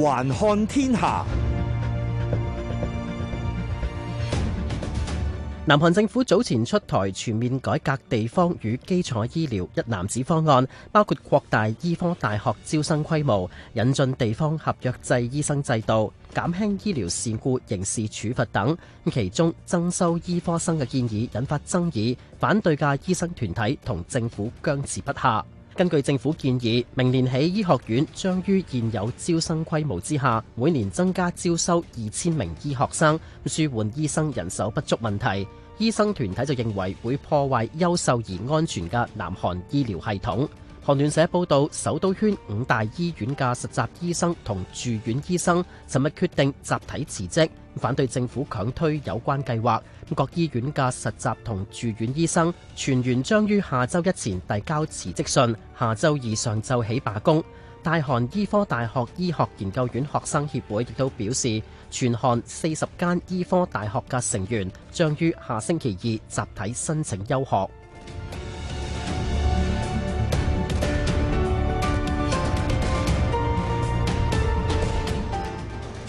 環看天下，南韓政府早前出台全面改革地方與基礎醫療一攬子方案，包括擴大醫科大學招生規模、引進地方合約制醫生制度、減輕醫療事故刑事處罰等。其中增收醫科生嘅建議引發爭議，反對嘅醫生團體同政府僵持不下。根據政府建議，明年起醫學院將於現有招生規模之下，每年增加招收二千名醫學生，舒緩醫生人手不足問題。醫生團體就認為會破壞優秀而安全嘅南韓醫療系統。韓聯社報道，首都圈五大醫院嘅實習醫生同住院醫生尋日決定集體辭職，反對政府強推有關計劃。各醫院嘅實習同住院醫生全員將於下周一前遞交辭職信，下周二上晝起罷工。大韓醫科大學醫學研究院學生協會亦都表示，全韓四十間醫科大學嘅成員將於下星期二集體申請休學。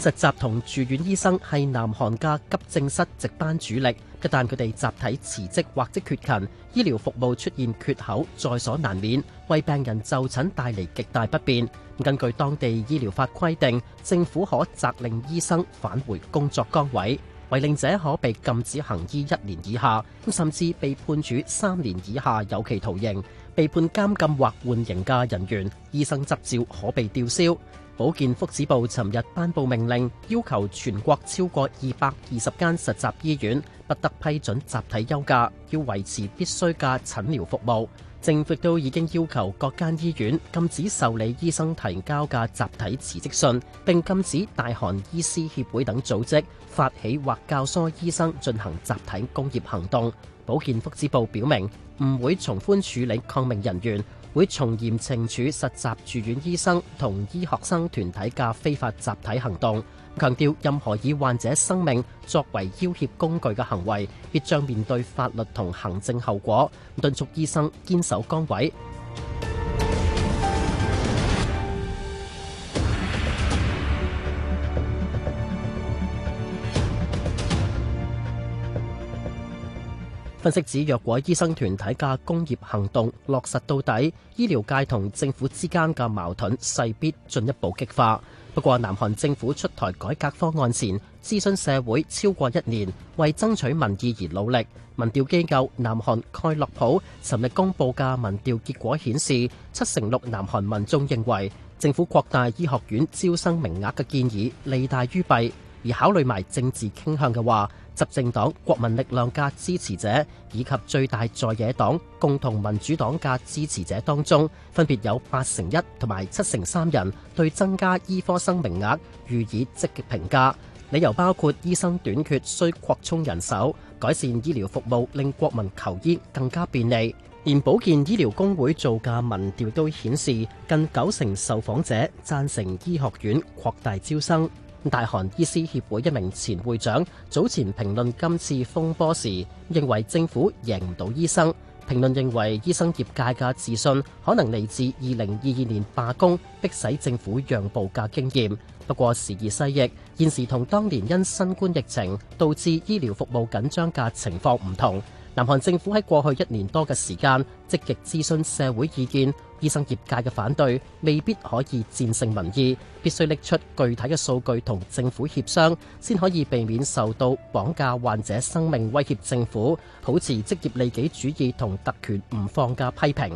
實習同住院醫生係南韓嘅急症室值班主力，一旦佢哋集體辭職或者缺勤，醫療服務出現缺口，在所難免，為病人就診帶嚟極大不便。根據當地醫療法規定，政府可責令醫生返回工作崗位，違令者可被禁止行醫一年以下，甚至被判處三年以下有期徒刑，被判監禁或緩刑嘅人員，醫生執照可被吊銷。保健福祉部尋日頒布命令，要求全國超過二百二十間實習醫院不得批准集體休假，要維持必須嘅診療服務。政府都已經要求各間醫院禁止受理醫生提交嘅集體辭職信，並禁止大韓醫師協會等組織發起或教唆醫生進行集體工業行動。保健福祉部表明唔會從寬處理抗命人員。會從嚴懲處實習住院醫生同醫學生團體嘅非法集體行動，強調任何以患者生命作為要挾工具嘅行為，必將面對法律同行政後果，敦促醫生緊守崗位。分析指，若果醫生團體嘅工業行動落實到底，醫療界同政府之間嘅矛盾勢必進一步激化。不過南韓政府出台改革方案前，諮詢社會超過一年，為爭取民意而努力。民調機構南韓蓋洛普尋日公布嘅民調結果顯示，七成六南韓民眾認為政府擴大醫學院招生名額嘅建議利大於弊。而考慮埋政治傾向嘅話，執政黨、國民力量嘅支持者以及最大在野黨共同民主黨嘅支持者當中，分別有八成一同埋七成三人對增加醫科生名額予以積極評價，理由包括醫生短缺需擴充人手、改善醫療服務，令國民求醫更加便利。連保健醫療工會做嘅民調都顯示，近九成受訪者贊成醫學院擴大招生。大韓醫師協會一名前會長早前評論今次風波時，認為政府贏唔到醫生。評論認為醫生業界嘅自信可能嚟自二零二二年罷工，迫使政府讓步嘅經驗。不過時移世易，現時同當年因新冠疫情導致醫療服務緊張嘅情況唔同。南韓政府喺過去一年多嘅時間，積極諮詢社會意見，醫生業界嘅反對未必可以戰勝民意，必須拎出具體嘅數據同政府協商，先可以避免受到綁架患者生命威脅政府，保持職業利己主義同特權唔放嘅批評。